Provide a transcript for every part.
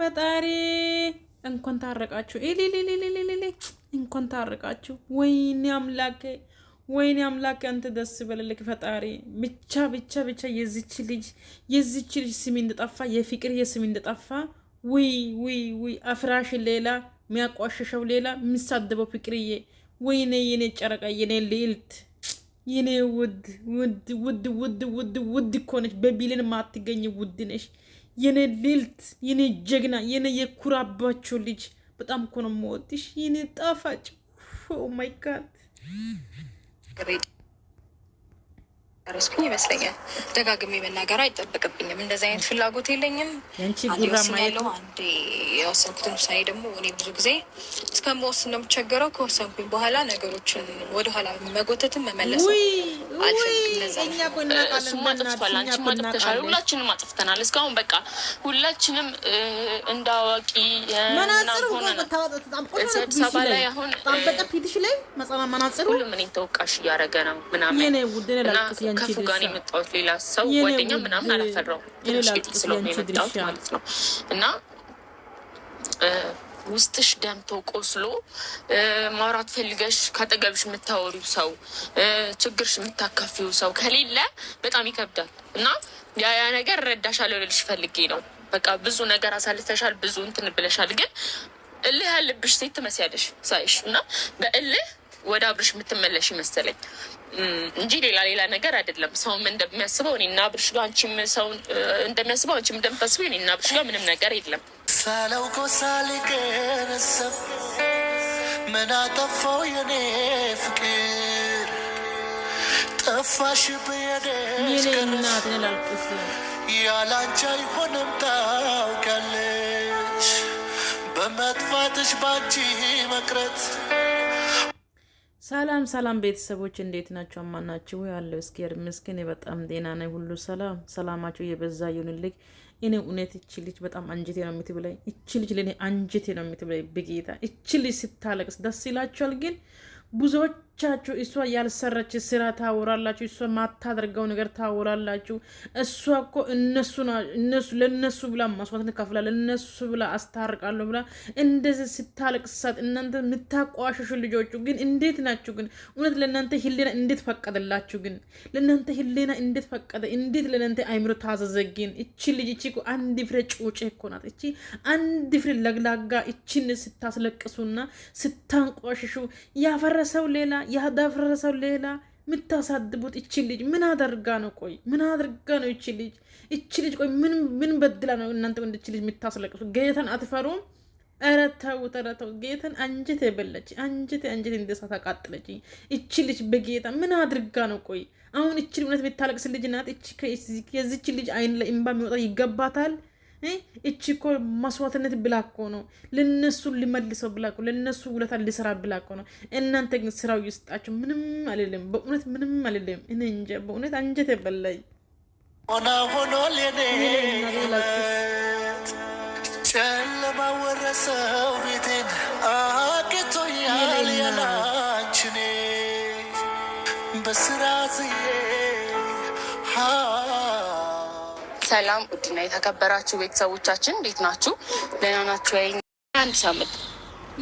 ፈጣሪ እንኳን ታረቃችሁ፣ ኢሊሊሊሊሊሊ እንኳን ታረቃችሁ። ወይኔ አምላኬ፣ ወይኔ አምላኬ፣ አንተ ደስ በለልክ ፈጣሪ። ብቻ ብቻ ብቻ የዚች ልጅ የዚች ልጅ ስም እንደጠፋ የፍቅር የስም እንደጠፋ ውይ ውይ ውይ፣ አፍራሽ ሌላ፣ ሚያቋሸሸው ሌላ፣ የሚሳደበው ፍቅርዬ። ወይኔ የኔ ጨረቃ፣ የኔ ልዕልት፣ የኔ ውድ ውድ ውድ ውድ ውድ ውድ እኮ ነሽ። በቢልን ማትገኝ ውድ ነሽ። የኔ ልልት፣ የኔ ጀግና፣ የኔ የኩራባቸው ልጅ በጣም እኮ ነው የምወድሽ የኔ ጣፋጭ። ኦ ማይ ጋድ ረስኩ ይመስለኛል። ደጋግሜ መናገር አይጠበቅብኝም። እንደዚ አይነት ፍላጎት የለኝም። ያለው አንዴ የወሰንኩትን ውሳኔ ደግሞ እኔ ብዙ ጊዜ እስከ ነው የምቸገረው። ከወሰንኩኝ በኋላ ነገሮችን ወደኋላ መጎተትን መመለስ እሱማ አጥፍቷል፣ ሁላችንም አጥፍተናል። እስካሁን በቃ ሁላችንም እንደ አዋቂ ሁሉም እኔን ተወቃሽ እያደረገ ነው ምናምን እና ከፉ ጋር የመጣሁት ሌላ ሰው ጓደኛ ምናምን አላፈራሁም። ትንሽ ስለሆነ የመጣሁት ማለት ነው እና ውስጥሽ ደምቶ ቆስሎ ማውራት ፈልገሽ ካጠገብሽ የምታወሪው ሰው ችግርሽ የምታካፊው ሰው ከሌለ በጣም ይከብዳል እና ያ ያ ነገር ረዳሻለሁ ልልሽ ፈልጌ ነው። በቃ ብዙ ነገር አሳልፈሻል፣ ብዙ እንትን ብለሻል። ግን እልህ ያለብሽ ሴት ትመስያለሽ ሳይሽ እና በእልህ ወደ አብርሽ የምትመለሽ ይመስለኝ እንጂ ሌላ ሌላ ነገር አይደለም። ሰውም እንደሚያስበው እኔና ብርሽ ጋር አንቺም ሰው እንደሚያስበው አንቺም እንደምታስበው እኔና ብርሽ ጋር ምንም ነገር የለም። ሳላውቀው ሳልገነዘብ ምን አጠፋው የኔ ፍቅር ጠፋሽ ብየደስገረስ ያላንቺ አይሆንም ታውቃለሽ በመጥፋትሽ ባንቺ መቅረት ሰላም ሰላም ቤተሰቦች እንዴት ናቸው? አማናችሁ ያለው እስኪ ምስኪን በጣም ጤና ነኝ፣ ሁሉ ሰላም። ሰላማችሁ የበዛ ይሁንልኝ። እኔ እውነት እቺ ልጅ በጣም አንጀቴ ነው የምትብላኝ። እቺ ልጅ ለእኔ አንጀቴ ነው የምትብላኝ። ብጌታ እቺ ልጅ ስታለቅስ ደስ ይላቸዋል። ግን ብዙዎች ብቻችሁ እሷ ያልሰራች ስራ ታወራላችሁ። እሷ ማታደርገው ነገር ታወራላችሁ። እሷ እኮ እነሱ ለነሱ ብላ መስዋዕትን ከፍላ ለነሱ ብላ አስታርቃለሁ ብላ እንደዚህ ስታለቅሳት እናንተ የምታቋሸሹ ልጆቹ ግን እንዴት ናችሁ? ግን እውነት ለእናንተ ህሊና እንዴት ፈቀደላችሁ? ግን ለእናንተ ህሊና እንዴት ፈቀደ? እንዴት ለእናንተ አይምሮ ታዘዘ? ግን እቺ ልጅ እቺ አንድ ፍሬ ጩጬ እኮ ናት። እቺ አንድ ፍሬ ለግላጋ እቺን ስታስለቅሱና ስታንቋሽሹ ያፈረሰው ሌላ ያዳፈረሰው ሌላ የምታሳድቡት እቺ ልጅ ምን አደርጋ ነው? ቆይ ምን አደርጋ ነው እቺ ልጅ እቺ ልጅ ቆይ ምን ምን በድላ ነው እናንተ ወንድ እቺ ልጅ የምታስለቅሱ? ጌታን አትፈሩም? ኧረ ተው ኧረ ተው። ጌታን አንጀት የበለች አንጀት አንጀት እንደሳ ታቃጥለች እቺ ልጅ በጌታ ምን አድርጋ ነው? ቆይ አሁን እቺ ልጅ እውነት የምታለቅስ ልጅ ናት። የዚች ልጅ አይን ላይ እንባ የሚወጣ ይገባታል። እቺ እኮ መስዋዕትነት ብላ እኮ ነው ለነሱ ልመልሰው ብላ እኮ ለነሱ ውለታ ልሰራ ብላ እኮ ነው። እናንተ ግን ስራው ይስጣችሁ። ምንም አልልም፣ በእውነት ምንም አልልም። እኔ እንጃ በእውነት አንጀት የበላኝ ሆና ሆኗል። የኔ ጨለማ ወረሰው ቤቴን አቅቶኛል። የላንችኔ በስራ ዝዬ ሰላም ውድና የተከበራችሁ ቤተሰቦቻችን እንዴት ናችሁ? ደህና ናችሁ? ይ አንድ ሳምንት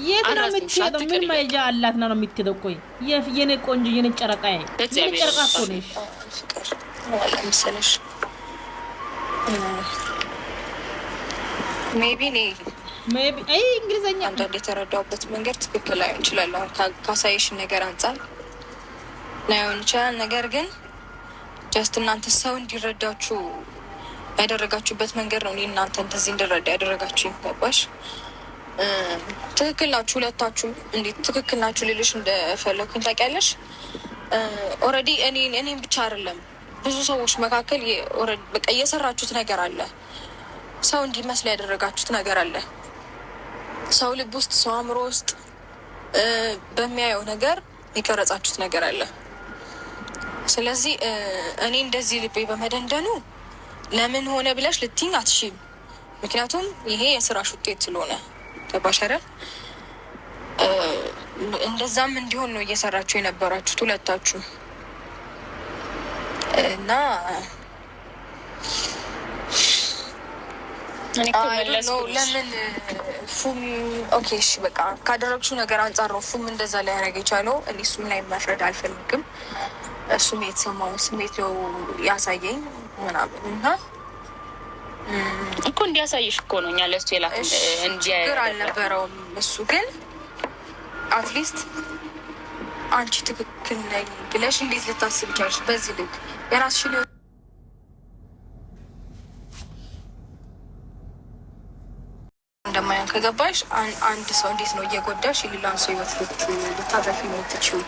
የት ነው የምትሄደው? ምን መሄጃ አላት? ና ነው የምትሄደው? ቆይ የኔ ቆንጆ የኔ ጨረቃ የኔ ጨረቃ እኮ ነሽ። ሜቢ ሜቢ አይ እንግሊዝኛ አንዳንድ የተረዳሁበት መንገድ ትክክል ላይሆን ይችላል። ካሳየሽን ነገር አንጻር ላይሆን ይችላል። ነገር ግን ጀስት እናንተ ሰው እንዲረዳችሁ ያደረጋችሁበት መንገድ ነው እኔ እናንተ እንደዚህ እንድረዳ ያደረጋችሁ ይገባሽ። ትክክል ናችሁ ሁለታችሁ። እንዴት ትክክል ናችሁ ሌሎች እንደፈለግኩኝ ታውቂያለሽ። ኦልሬዲ እኔም ብቻ አይደለም ብዙ ሰዎች መካከል በቃ እየሰራችሁት ነገር አለ። ሰው እንዲመስል ያደረጋችሁት ነገር አለ። ሰው ልብ ውስጥ ሰው አእምሮ ውስጥ በሚያየው ነገር የቀረጻችሁት ነገር አለ። ስለዚህ እኔ እንደዚህ ልቤ በመደንደኑ ለምን ሆነ ብለሽ ልትይኝ አትሺም። ምክንያቱም ይሄ የስራሽ ውጤት ስለሆነ ተባሸረ እንደዛም እንዲሆን ነው እየሰራችሁ የነበራችሁት ሁለታችሁ እና ለምን ፉም ኦኬ እሺ በቃ ካደረግሽው ነገር አንጻር ነው ፉም እንደዛ ሊያደርግ የቻለው። እኔ እሱም ላይ መፍረድ አልፈልግም። እሱም የተሰማውን ስሜት ነው ያሳየኝ። ምናምን እና እኮ እንዲያሳይሽ እኮ ነው እኛ ለእሱ የላክን ችግር አልነበረውም። እሱ ግን አትሊስት አንቺ ትክክል ነኝ ብለሽ እንዴት ልታስብ ቻልሽ? በዚህ ልክ የራስሽን እንደማያን ከገባሽ አንድ ሰው እንዴት ነው እየጎዳሽ የሌላን ሰው ህይወት ልታረፊ ነው የምትችይው?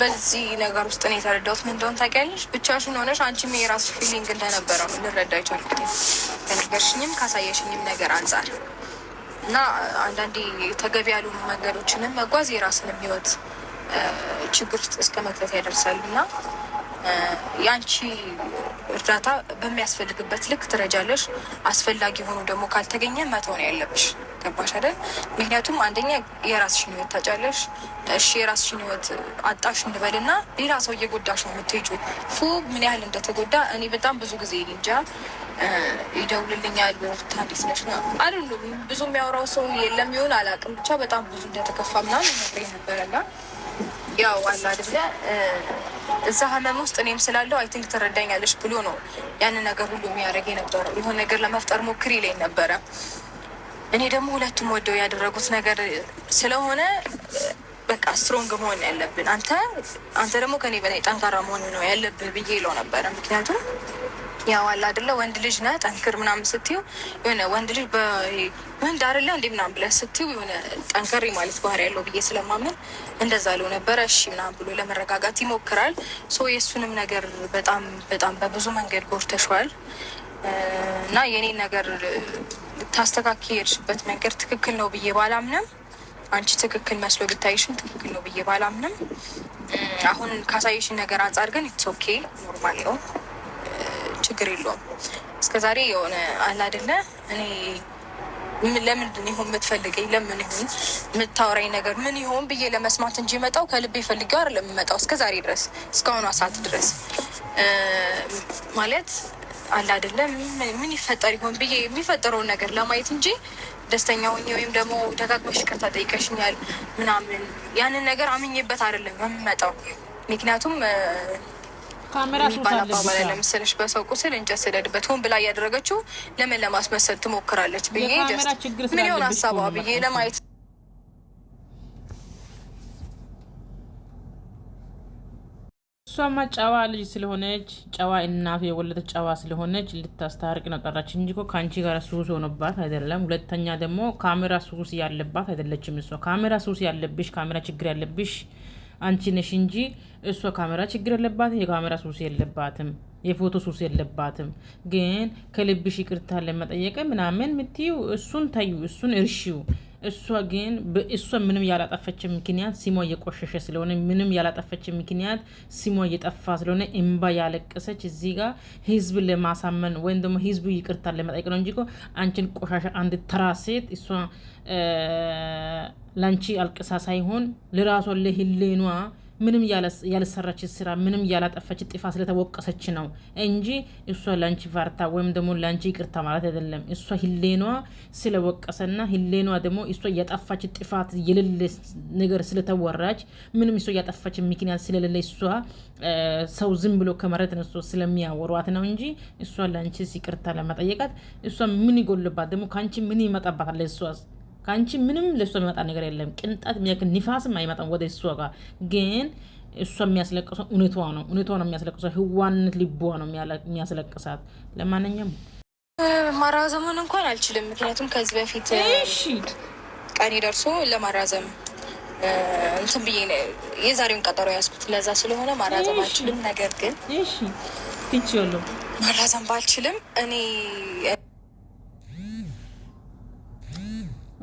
በዚህ ነገር ውስጥ ነው የተረዳሁት። ምን እንደሆነ ታውቂያለሽ? ብቻሽን ሆነሽ አንቺም የራስሽ ፊሊንግ እንደነበረ ነው ልረዳ የቻልኩት ከነገርሽኝም ካሳየሽኝም ነገር አንጻር እና አንዳንዴ ተገቢ ያሉ መንገዶችንም መጓዝ የራስንም ህይወት ችግር ውስጥ እስከ መክተት ያደርሳሉ እና የአንቺ እርዳታ በሚያስፈልግበት ልክ ትረጃለሽ። አስፈላጊ ሆኖ ደግሞ ካልተገኘ መተው ነው ያለብሽ። ገባሽ አይደል? ምክንያቱም አንደኛ የራስሽን ህይወት ታጫለሽ። እሺ የራስሽን ህይወት አጣሽ እንበልና ሌላ ሰው እየጎዳሽ ነው የምትሄጂው። ፉ ምን ያህል እንደተጎዳ እኔ በጣም ብዙ ጊዜ እንጃ ይደውልልኛል። ወቅት አዲስ ነች አሉ ብዙ የሚያወራው ሰው የለም ይሆን አላውቅም፣ ብቻ በጣም ብዙ እንደተከፋ ምናምን ነግሬ ነበረና ያው አለ አይደለ እዛ ህመም ውስጥ እኔም ስላለው አይ ቲንክ ትረዳኛለች ብሎ ነው ያንን ነገር ሁሉ የሚያደርግ የነበረው። የሆነ ነገር ለመፍጠር ሞክር ይለኝ ነበረ። እኔ ደግሞ ሁለቱም ወደው ያደረጉት ነገር ስለሆነ በቃ ስትሮንግ መሆን ያለብን አንተ አንተ ደግሞ ከኔ በላይ ጠንካራ መሆን ነው ያለብህ ብዬ ይለው ነበረ። ምክንያቱም ያው አለ አይደለ ወንድ ልጅ ነህ ጠንክር ምናምን ስትይው የሆነ ወንድ ልጅ ወንድ አይደለ እንዴ ምናምን ብለህ ስትይው የሆነ ጠንከሪ ማለት ባህሪ ያለው ብዬ ስለማመን እንደዛ ለው ነበረ። እሺ ምናምን ብሎ ለመረጋጋት ይሞክራል። ሶ የእሱንም ነገር በጣም በጣም በብዙ መንገድ ጎርተሸዋል እና የኔን ነገር ልታስተካኪ የሄድሽበት መንገድ ትክክል ነው ብዬ ባላምንም፣ አንቺ ትክክል መስሎ ብታይሽን ትክክል ነው ብዬ ባላምንም፣ አሁን ካሳየሽን ነገር አንጻር ግን ኢትስ ኦኬ ኖርማል ነው፣ ችግር የለውም። እስከዛሬ የሆነ አለ አይደለ እኔ ለምንድን ይሆን የምትፈልገኝ ለምን ይሆን የምታወራኝ ነገር ምን ይሆን ብዬ ለመስማት እንጂ መጣው ከልቤ ፈልጌው አይደለም የምመጣው እስከ ዛሬ ድረስ እስካሁኗ ሰዓት ድረስ ማለት አለ አይደለም ምን ይፈጠር ይሆን ብዬ የሚፈጠረውን ነገር ለማየት እንጂ ደስተኛ ሆኜ ወይም ደግሞ ደጋግመሽ ይቅርታ ጠይቀሽኛል ምናምን ያንን ነገር አምኜበት አይደለም የምመጣው። ምክንያቱም የሚባል አባባል መሰለሽ፣ በሰው ቁስል እንጨት ስደድበት። ሆን ብላ እያደረገችው ለምን ለማስመሰል ትሞክራለች ብዬ ምን ይሆን ሀሳቧ ብዬ ለማየት እሷማ ጨዋ ልጅ ስለሆነች ጨዋ እናቱ የወለደ ጨዋ ስለሆነች ልታስታርቅ ነው ቀራች እንጂ ከአንቺ ጋር ሱስ ሆኖባት አይደለም። ሁለተኛ ደግሞ ካሜራ ሱስ ያለባት አይደለችም። እሷ ካሜራ ሱስ ያለብሽ ካሜራ ችግር ያለብሽ አንቺ ነሽ እንጂ እሷ ካሜራ ችግር የለባትም። የካሜራ ሱስ የለባትም። የፎቶ ሱስ የለባትም። ግን ከልብሽ ይቅርታ ለመጠየቅ ምናምን ምትዩ እሱን ታዩ፣ እሱን እርሺው። እሷ ግን እሷ ምንም ያላጠፈች ምክንያት ሲሟ እየቆሸሸ ስለሆነ ምንም ያላጠፈች ምክንያት ሲሟ እየጠፋ ስለሆነ እምባ ያለቀሰች እዚህ ጋር ህዝብ ለማሳመን ወይም ደግሞ ህዝቡ ይቅርታ ለመጠየቅ ነው እንጂ አንቺን ቆሻሻ አንድ ተራ ሴት እሷ ለአንቺ አልቅሳ ሳይሆን ለራሷ ለህሌኗ ምንም ያልሰራች ስራ ምንም ያላጠፋች ጥፋ ስለተወቀሰች ነው እንጂ እሷ ላንቺ ቫርታ ወይም ደግሞ ላንቺ ይቅርታ ማለት አይደለም። እሷ ህሌኗ ስለወቀሰና ህሌኗ ደግሞ እሷ ያጠፋች ጥፋት የሌለ ነገር ስለተወራች ምንም እሷ ያጠፋች ምክንያት ስለሌለ እሷ ሰው ዝም ብሎ ከመረት ተነስቶ ስለሚያወሯት ነው እንጂ እሷ ላንቺ ይቅርታ ለመጠየቃት እሷ ምን ይጎልባት ደግሞ ከአንቺ ምን ይመጣባታል? እሷ ከአንቺ ምንም ለእሷ የሚመጣ ነገር የለም። ቅንጣት የሚያክል ንፋስም አይመጣም ወደ እሷ ጋር። ግን እሷ የሚያስለቅሰው እውነቷ ነው፣ እውነቷ ነው የሚያስለቅሰው። ህዋነት ልቧ ነው የሚያስለቅሳት። ለማንኛውም ማራዘሙን እንኳን አልችልም፣ ምክንያቱም ከዚህ በፊት ቀኔ ደርሶ ለማራዘም እንትን ብዬ የዛሬውን ቀጠሮ ያዝኩት ለዛ ስለሆነ ማራዘም አልችልም። ነገር ግን ማራዘም ባልችልም እኔ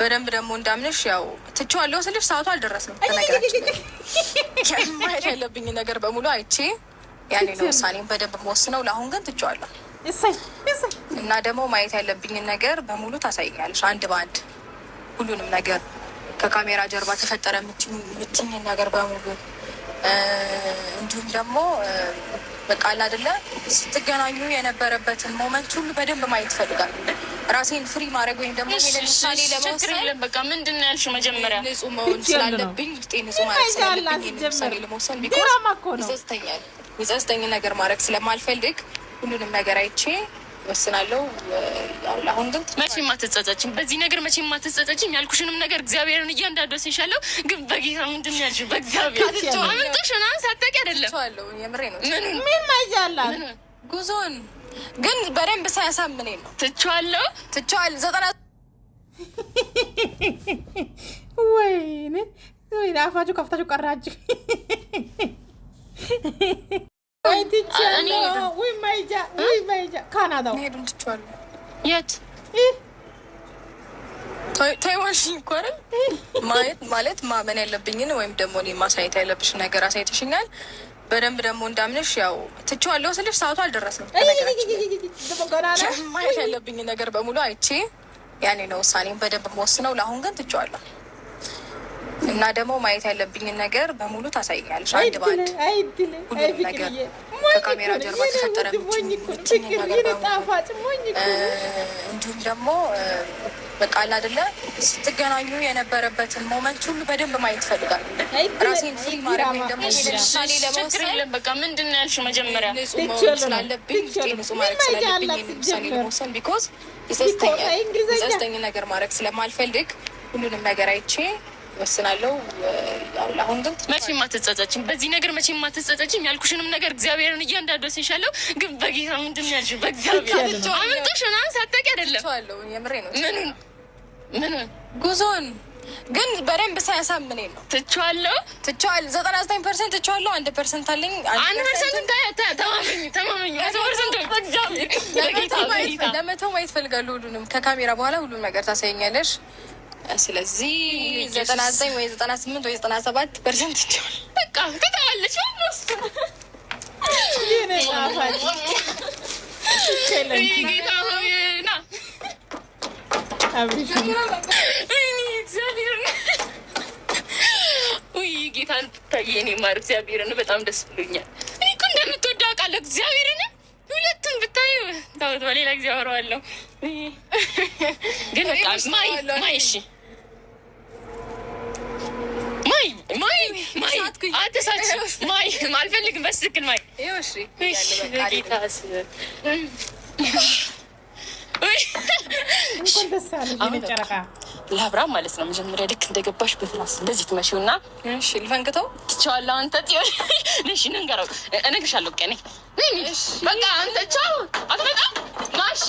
በደንብ ደግሞ እንዳምንሽ ያው ትቼዋለሁ ስልሽ ሰዓቱ አልደረስም። ማየት ያለብኝ ነገር በሙሉ አይቼ ያኔ ነው ውሳኔን በደንብ መወስነው። ለአሁን ግን ትቼዋለሁ እና ደግሞ ማየት ያለብኝን ነገር በሙሉ ታሳይኛለሽ፣ አንድ በአንድ ሁሉንም ነገር ከካሜራ ጀርባ ተፈጠረ የምትኝን ነገር በሙሉ እንዲሁም ደግሞ በቃ አለ አይደለ ስትገናኙ የነበረበትን ሞመንት ሁሉ በደንብ ማየት ይፈልጋል። ራሴን ፍሪ ማድረግ ወይም ደግሞ ለምሳሌ ለመውሰድ በቃ ምንድን ነው ያልሽው መጀመሪያ ንጹህ መሆን ስላለብኝ ውስጤ ንጹህ ማድረግ ስላለብኝ ለምሳሌ ለመውሰድ ቢሆን ይጸጽተኛል። የሚጸጽተኝ ነገር ማድረግ ስለማልፈልግ ሁሉንም ነገር አይቼ ወስናለሁ። አሁን ግን መቼም አትጸጸችም፣ በዚህ ነገር መቼም አትጸጸችም። ያልኩሽንም ነገር እግዚአብሔርን እያንዳንዱ ስንሻለሁ። ግን በጌታ ምንድን ነው ያልሽው? በእግዚአብሔር አምንጦሽ ምናምን ሳታውቂ አይደለም። ምኑን ጉዞን ግን በደንብ ሳያሳምን ነው። ትቼዋለሁ ትቼዋለሁ። ዘጠና ወይኔ ወይ አፋችሁ ከፍታችሁ ቀራችሁ። ካናዳ የት ታይዋንሽኝ እኮ አይደል? ማየት ማለት ማመን ያለብኝን ወይም ደግሞ ማሳየት ያለብሽ ነገር አሳይተሽኛል። በደንብ ደግሞ እንዳምንሽ ያው ትቼዋለሁ ስልሽ ሰዓቱ አልደረስንም። ማየት ያለብኝ ነገር በሙሉ አይቼ ያኔ ነው ውሳኔ በደንብ መወስነው። ለአሁን ግን ትቼዋለሁ እና ደግሞ ማየት ያለብኝን ነገር በሙሉ ታሳይኛለሽ፣ አንድ በአንድ ሁሉም ነገር ከካሜራ ጀርባ ተፈጠረ፣ ጣፋጭ እንዲሁም ደግሞ በቃ አለ አይደለ ስትገናኙ የነበረበትን ሞመንት ሁሉ በደንብ ማየት ይፈልጋል። ራሴን ፍሪ ማድረግ ወይም ደግሞ ለምሳሌ በቃ ምንድን ነው ያልሽው መጀመሪያ ንጹህ ማድረግ ስላለብኝ ቢኮዝ የጸስተኝ ነገር ማድረግ ስለማልፈልግ ሁሉንም ነገር አይቼ ወስናለሁ። አሁን ግን መቼም አትጸጸችም፣ በዚህ ነገር መቼም አትጸጸችም። ያልኩሽንም ነገር እግዚአብሔርን እያንዳንዱ ወስንሻለሁ። ግን በጌታ ምንድን ነው በእግዚአብሔር አምንቶሽ ምናምን ሳታውቂ አይደለም። ምኑን ምን ጉዞን ግን በደንብ ሳያሳምን ነው። ትቼዋለሁ ትቼዋለሁ፣ ዘጠና ዘጠኝ ፐርሰንት ትቼዋለሁ። አንድ ፐርሰንት አለኝ። አንድ ፐርሰንት ተማመኝ ማየት እፈልጋለሁ። ሁሉንም ከካሜራ በኋላ ሁሉም ነገር ታሳየኛለሽ። ስለዚህ ዘጠና ዘጠኝ ወይ ዘጠና ስምንት ወይ ዘጠና ሰባት ፐርሰንት ትቼዋለሁ። በቃ ትተዋለች ጌታ ጌታን ብታይ እኔ ማር እግዚአብሔርን በጣም ደስ ብሎኛል። እኔ እኮ እንደምትወደው አውቃለሁ። እግዚአብሔርን ሁለቱም ብታይ ታወት በሌላ ጊዜ አወራዋለሁ። ግን በቃ ማይ ማይ እሺ ማይ ማይ ማይ አትሳች ማይ አልፈልግም። በስክል ማይ ጌታ ለአብርሃም ማለት ነው። መጀመሪያ ልክ እንደገባሽ በትራስ እንደዚህ ትመጪው እና ልፈንክተው ትቼዋለሁ። አንተ ጥዮን ነሽ ንንገረው፣ እነግርሻለሁ። ቀኔ በቃ አንተ ቻው፣ አትመጣም ማሺ